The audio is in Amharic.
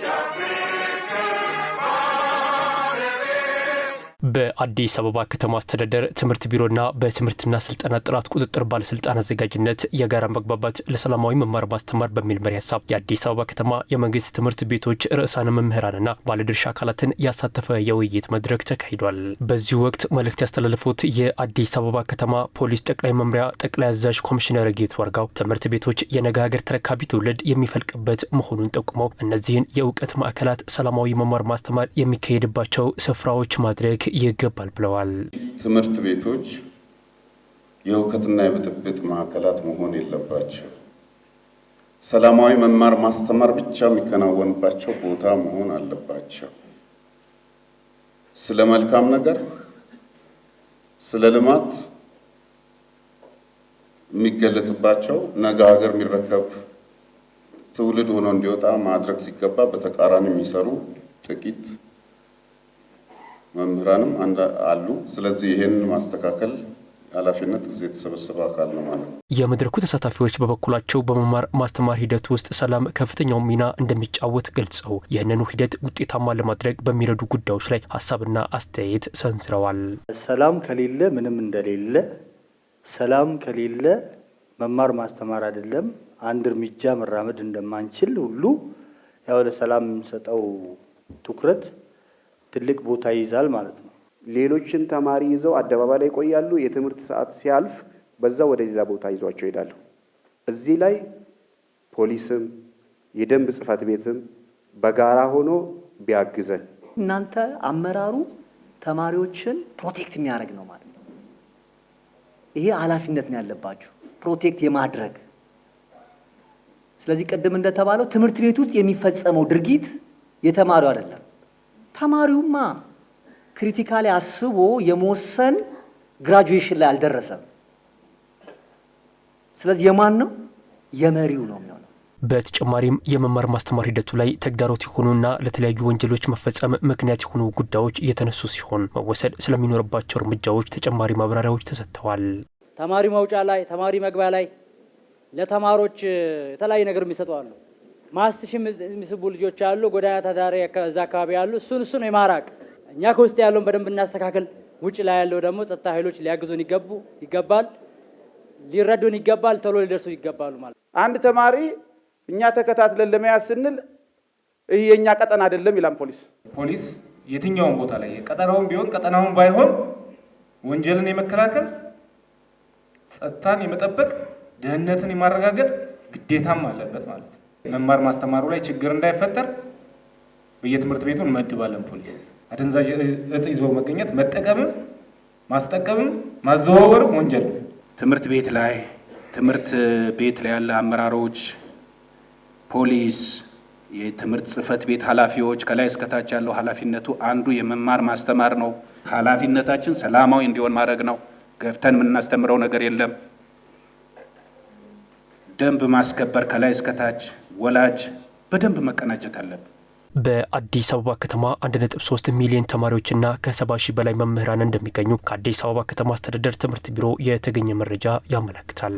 me. በአዲስ አበባ ከተማ አስተዳደር ትምህርት ቢሮና በትምህርትና ስልጠና ጥራት ቁጥጥር ባለስልጣን አዘጋጅነት የጋራ መግባባት ለሰላማዊ መማር ማስተማር በሚል መሪ ሀሳብ የአዲስ አበባ ከተማ የመንግስት ትምህርት ቤቶች ርዕሳነ መምህራንና ባለድርሻ አካላትን ያሳተፈ የውይይት መድረክ ተካሂዷል። በዚህ ወቅት መልእክት ያስተላለፉት የአዲስ አበባ ከተማ ፖሊስ ጠቅላይ መምሪያ ጠቅላይ አዛዥ ኮሚሽነር ጌቱ አርጋው ትምህርት ቤቶች የነገ ሀገር ተረካቢ ትውልድ የሚፈልቅበት መሆኑን ጠቁመው እነዚህን የእውቀት ማዕከላት ሰላማዊ መማር ማስተማር የሚካሄድባቸው ስፍራዎች ማድረግ ይገባል ብለዋል። ትምህርት ቤቶች የሁከትና የብጥብጥ ማዕከላት መሆን የለባቸው። ሰላማዊ መማር ማስተማር ብቻ የሚከናወንባቸው ቦታ መሆን አለባቸው። ስለ መልካም ነገር፣ ስለ ልማት የሚገለጽባቸው ነገ ሀገር የሚረከብ ትውልድ ሆኖ እንዲወጣ ማድረግ ሲገባ በተቃራኒ የሚሰሩ ጥቂት መምህራንም አሉ። ስለዚህ ይሄንን ማስተካከል ኃላፊነት እዚህ የተሰበሰበ አካል ነው ማለት ነው። የመድረኩ ተሳታፊዎች በበኩላቸው በመማር ማስተማር ሂደት ውስጥ ሰላም ከፍተኛው ሚና እንደሚጫወት ገልጸው ይህንኑ ሂደት ውጤታማ ለማድረግ በሚረዱ ጉዳዮች ላይ ሀሳብና አስተያየት ሰንዝረዋል። ሰላም ከሌለ ምንም እንደሌለ፣ ሰላም ከሌለ መማር ማስተማር አይደለም አንድ እርምጃ መራመድ እንደማንችል ሁሉ ያው ለሰላም የምንሰጠው ትኩረት ትልቅ ቦታ ይይዛል ማለት ነው። ሌሎችን ተማሪ ይዘው አደባባይ ላይ ይቆያሉ። የትምህርት ሰዓት ሲያልፍ በዛ ወደ ሌላ ቦታ ይዟቸው ይሄዳሉ። እዚህ ላይ ፖሊስም የደንብ ጽህፈት ቤትም በጋራ ሆኖ ቢያግዘን እናንተ አመራሩ ተማሪዎችን ፕሮቴክት የሚያደርግ ነው ማለት ነው። ይሄ ኃላፊነት ነው ያለባችሁ ፕሮቴክት የማድረግ ስለዚህ ቅድም እንደተባለው ትምህርት ቤት ውስጥ የሚፈጸመው ድርጊት የተማሪው አይደለም። ተማሪውማ ክሪቲካሊ አስቦ የመወሰን ግራጁዌሽን ላይ አልደረሰም። ስለዚህ የማን ነው? የመሪው ነው የሚሆነው። በተጨማሪም የመማር ማስተማር ሂደቱ ላይ ተግዳሮት የሆኑና ለተለያዩ ወንጀሎች መፈጸም ምክንያት የሆኑ ጉዳዮች እየተነሱ ሲሆን መወሰድ ስለሚኖርባቸው እርምጃዎች ተጨማሪ ማብራሪያዎች ተሰጥተዋል። ተማሪ መውጫ ላይ፣ ተማሪ መግቢያ ላይ ለተማሪዎች የተለያዩ ነገር የሚሰጠዋሉ። አሉ። ማስትሽ የሚስቡ ልጆች አሉ፣ ጎዳና ተዳሪ እዛ አካባቢ ያሉ እሱን እሱን የማራቅ እኛ ከውስጥ ያለውን በደንብ እናስተካከል። ውጭ ላይ ያለው ደግሞ ጸጥታ ኃይሎች ሊያግዙን ይገቡ ይገባል፣ ሊረዱን ይገባል፣ ቶሎ ሊደርሱ ይገባሉ። ማለት አንድ ተማሪ እኛ ተከታትለን ለመያዝ ስንል ይህ የእኛ ቀጠና አይደለም ይላል ፖሊስ። ፖሊስ የትኛውን ቦታ ላይ ቀጠናውን ቢሆን ቀጠናውን ባይሆን ወንጀልን የመከላከል ጸጥታን የመጠበቅ ደህንነትን የማረጋገጥ ግዴታም አለበት ማለት ነው። መማር ማስተማሩ ላይ ችግር እንዳይፈጠር በየትምህርት ቤቱ እንመድባለን። ፖሊስ አደንዛዥ እጽ ይዞ መገኘት መጠቀምም፣ ማስጠቀምም ማዘዋወርም ወንጀል ነው። ትምህርት ቤት ላይ ትምህርት ቤት ላይ ያለ አመራሮች፣ ፖሊስ፣ የትምህርት ጽህፈት ቤት ኃላፊዎች ከላይ እስከታች ያለው ኃላፊነቱ አንዱ የመማር ማስተማር ነው። ኃላፊነታችን ሰላማዊ እንዲሆን ማድረግ ነው። ገብተን የምናስተምረው ነገር የለም። ደንብ ማስከበር ከላይ እስከታች ወላጅ በደንብ መቀናጀት አለብን። በአዲስ አበባ ከተማ 1.3 ሚሊዮን ተማሪዎችና ከ70 ሺህ በላይ መምህራን እንደሚገኙ ከአዲስ አበባ ከተማ አስተዳደር ትምህርት ቢሮ የተገኘ መረጃ ያመለክታል።